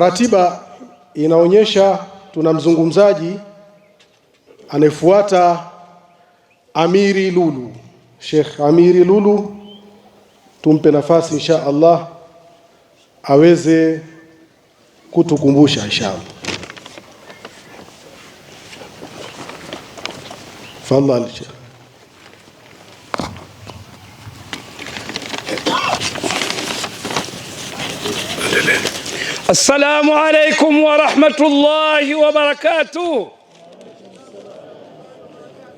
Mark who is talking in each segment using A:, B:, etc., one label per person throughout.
A: Ratiba inaonyesha tuna mzungumzaji anayefuata Amiri Lulu, Sheikh Amiri Lulu, tumpe nafasi insha Allah aweze kutukumbusha insha Allah. Fadhali.
B: Assalamu alaikum warahmatullahi wabarakatuh.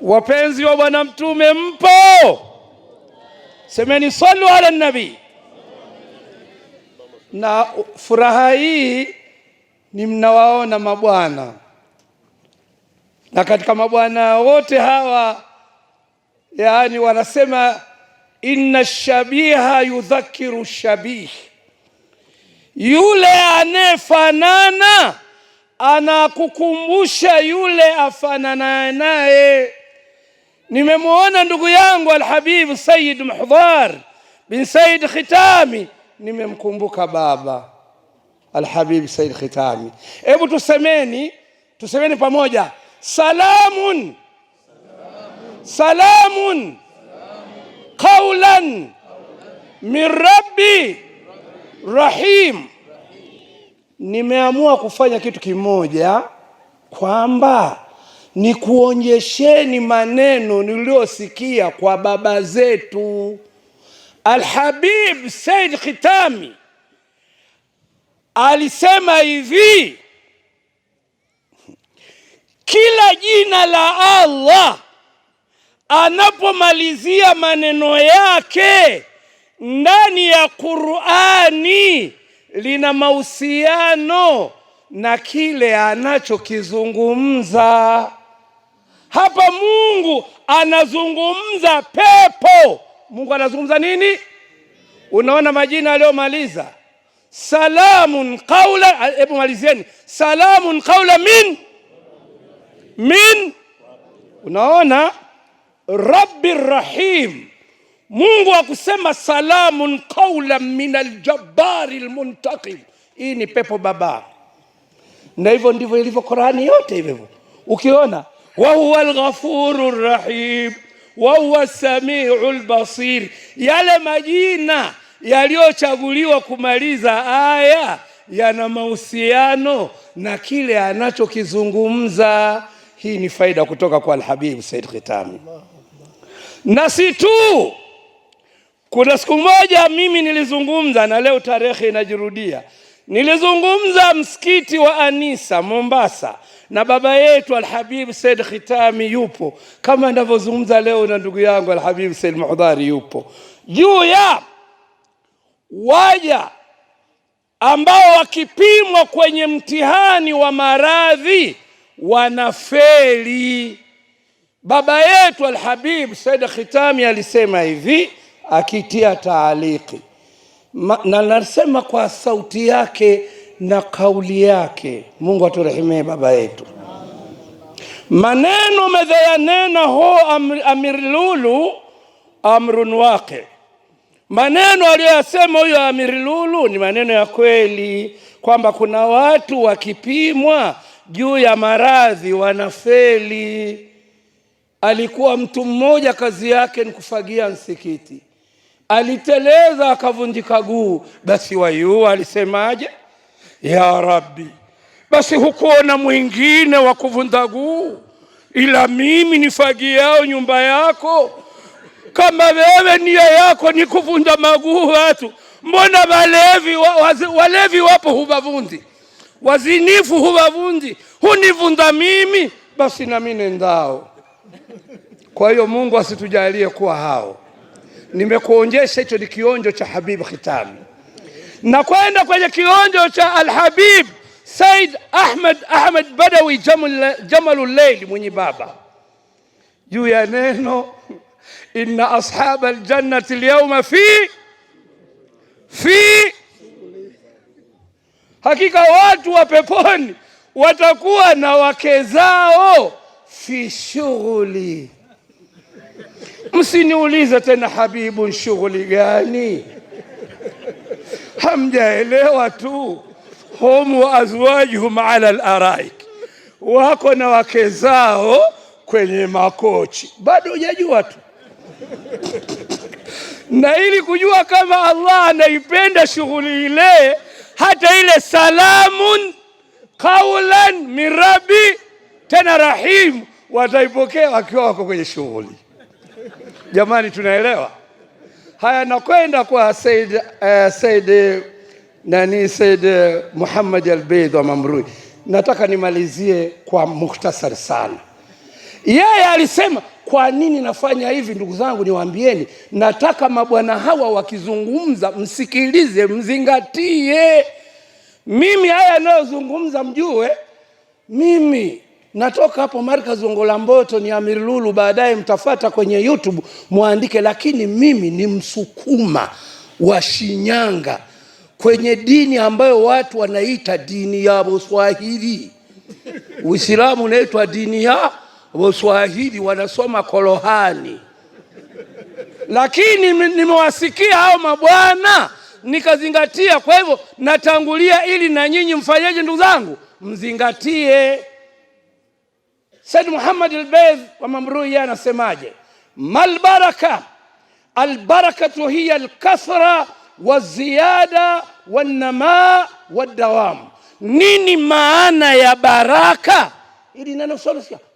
B: Wapenzi wa Bwana Mtume mpo? Semeni sallu ala nabi. Na furaha hii ni mnawaona mabwana, na katika mabwana wote hawa, yaani wanasema inna shabiha yudhakiru shabihi yule anayefanana anakukumbusha yule afanana naye. Nimemwona ndugu yangu Alhabibu Sayid Muhdhar bin Sayid Khitami, nimemkumbuka baba Alhabibu Sayid Khitami. Hebu tusemeni, tusemeni pamoja, salamun salamun, salamun. salamun. min rabbi rahim. Nimeamua kufanya kitu kimoja kwamba nikuonyesheni maneno niliyosikia kwa baba zetu Alhabib Said Khitami alisema hivi, kila jina la Allah anapomalizia maneno yake ndani ya Qur'ani lina mahusiano na kile anachokizungumza hapa. Mungu anazungumza pepo. Mungu anazungumza nini? Unaona majina aliyomaliza salamun qaula. Hebu malizieni salamun qaula min min, unaona rabbir rahim Mungu akusema salamun qaulan min aljabbari lmuntakim Hii ni pepo baba, na hivyo ndivyo ilivyo Qurani yote hivyo. Ukiona wa lghafuru alghafuru rahim wa samiu lbasir, yale majina yaliyochaguliwa kumaliza aya yana mahusiano na kile anachokizungumza. Hii ni faida kutoka kwa Alhabibu Said Khitami, na si tu kuna siku moja mimi nilizungumza na leo tarehe inajirudia, nilizungumza msikiti wa Anisa Mombasa, na baba yetu Alhabib Said Khitami yupo kama ninavyozungumza leo, na ndugu yangu Alhabib Said Muhdhari yupo, juu ya waja ambao wakipimwa kwenye mtihani wa maradhi wanafeli. Baba yetu Alhabib Said Khitami alisema hivi akitia taaliki Ma, na nasema kwa sauti yake na kauli yake. Mungu aturehemee baba yetu. Maneno medhayanena ho amir lulu amrun wake, maneno aliyoyasema huyo amir lulu ni maneno ya kweli, kwamba kuna watu wakipimwa juu ya maradhi wanafeli. Alikuwa mtu mmoja, kazi yake ni kufagia msikiti aliteleza akavunjika guu. Basi wayua alisemaje? Ya Rabbi, basi hukuona mwingine wa kuvunja guu ila mimi nifagiao nyumba yako? Kama wewe nia yako ni kuvunja maguu watu, mbona walevi, walevi wapo hubavunji, wazinifu hubavunji, hunivunda mimi, basi nami nendao. Kwa hiyo Mungu asitujalie kuwa hao nimekuonyesha hicho ni kionjo cha Habib khitam na kwenda kwenye kionjo cha Alhabib Said Ahmed Ahmed Badawi Jamalul Layl mwenye baba juu ya neno inna ashaba aljannati alyawma fi fi, hakika watu wa peponi watakuwa na wake zao fi shughuli Msiniulize tena Habibu, shughuli gani? Hamjaelewa tu. Hum wa ala laraik, wako na wake zao kwenye makochi. Bado hujajua tu na ili kujua kama Allah anaipenda shughuli ile, hata ile salamun qaulan min rabi tena rahimu, wataipokea wakiwa wako kwenye shughuli Jamani, tunaelewa haya. Nakwenda kwa Said, uh, Said nani, Said eh, Muhammad Albeid wa Mamrui. Nataka nimalizie kwa mukhtasar sana. Yeye alisema kwa nini nafanya hivi? Ndugu zangu, niwaambieni, nataka mabwana hawa wakizungumza, msikilize, mzingatie. Mimi haya anayozungumza mjue mimi Natoka hapo markazi Gongola Mboto ni Amir Lulu, baadaye mtafata kwenye YouTube mwandike, lakini mimi ni Msukuma wa Shinyanga kwenye dini ambayo watu wanaita dini ya boswahili Uislamu unaitwa dini ya boswahili wanasoma korohani. Lakini nimewasikia hao mabwana nikazingatia. Kwa hivyo natangulia, ili na nyinyi mfanyeje? Ndugu zangu, mzingatie. Said Muhammad al-Baydh wa Mamrui anasemaje? Malbaraka albarakatu hiya wa nama wa wadawamu. Nini maana ya baraka? Ili neno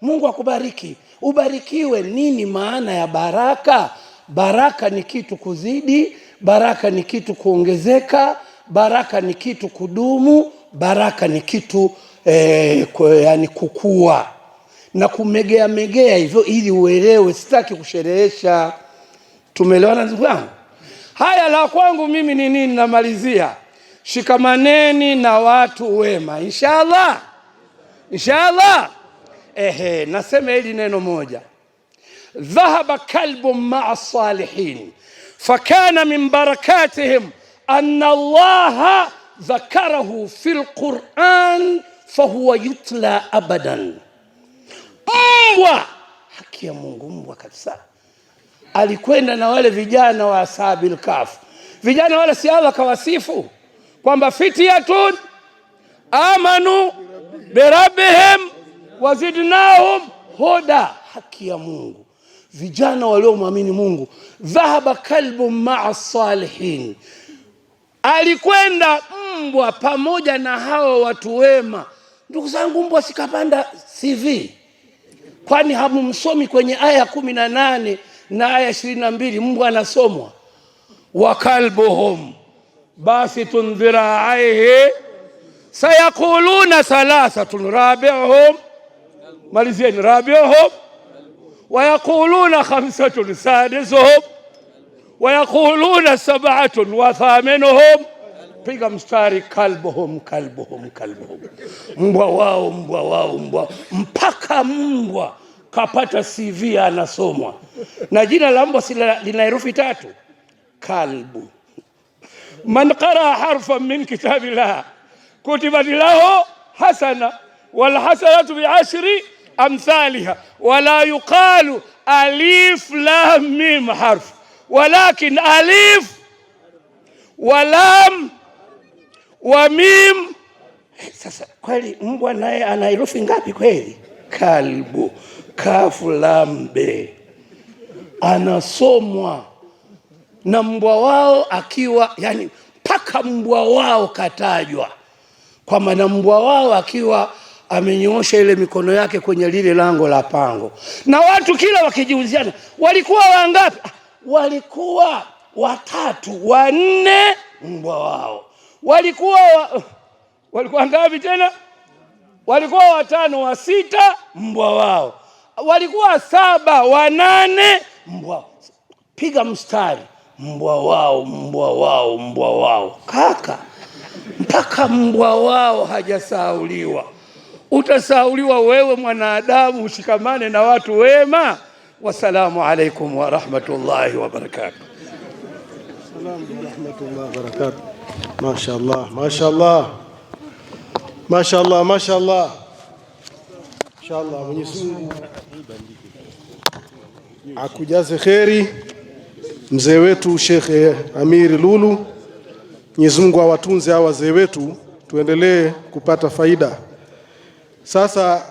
B: Mungu akubariki, ubarikiwe. Nini maana ya baraka? Baraka ni kitu kuzidi, baraka ni kitu kuongezeka, baraka ni kitu kudumu, baraka ni kitu eh, yani kukua na kumegea megea hivyo ili uelewe. Sitaki kusherehesha. Tumeelewana ndugu yangu? Haya, la kwangu mimi ni nini? Namalizia, shikamaneni na watu wema, inshallah inshallah. Ehe, nasema hili neno moja, dhahaba kalbu maa salihin fakana min barakatihim anna llaha dhakarahu fi lquran fahuwa yutla abadan mbwa, haki ya Mungu, mbwa kabisa. Alikwenda na wale vijana wa Ashabil Kahf, vijana wale, si Allah kawasifu kwamba fityatun amanu birabbihim wazidnahum huda. Haki ya Mungu, vijana waliomwamini Mungu. Dhahaba kalbu maa salihin, alikwenda mbwa pamoja na hawa watu wema. Ndugu zangu, mbwa sikapanda CV Kwani hamumsomi kwenye aya kumi na nane na aya ishirini na mbili mbwa anasomwa wakalbuhum basitun dhiraaihi sayaquluna thalathatun rabiuhum, malizieni, rabiuhum wayaquluna khamsatun sadisuhum wayaquluna sab'atun wathaminuhum piga mstari, kalbuhum kalbuhum kalbuhum, mbwa wao mbwa wao mbwa, mpaka mbwa kapata CV anasomwa na jina la mbwa lina herufi tatu kalbu. Man qaraa harfan min kitabillah kutibat lahu hasana bi biashri amthaliha wala yuqalu alif lam mim harf walakin alif walam wa mim. Sasa kweli mbwa naye ana herufi ngapi kweli? Kalbu, kafu, lambe anasomwa na mbwa wao akiwa yani, mpaka mbwa wao katajwa kwamba na mbwa wao akiwa amenyoosha ile mikono yake kwenye lile lango la pango, na watu kila wakijiuziana, walikuwa wangapi? Ah, walikuwa watatu wanne, mbwa wao walikuwa wa, walikuwa ngapi tena? Walikuwa watano, wa sita mbwa wao, walikuwa saba, wanane mbwa. Piga mstari, mbwa wao, mbwa wao, mbwa wao. Kaka, mpaka mbwa wao hajasauliwa. Utasauliwa wewe mwanadamu, ushikamane na watu wema. Wassalamu alaikum warahmatullahi wabarakatuh.
A: Mashallah, mashallah, mashallah, mashallah. Inshallah Mwenyezi Mungu akujaze kheri mzee wetu Shekhe eh, Amiri Lulu. Mwenyezi Mungu awatunze hawa wazee wetu, tuendelee kupata faida. Sasa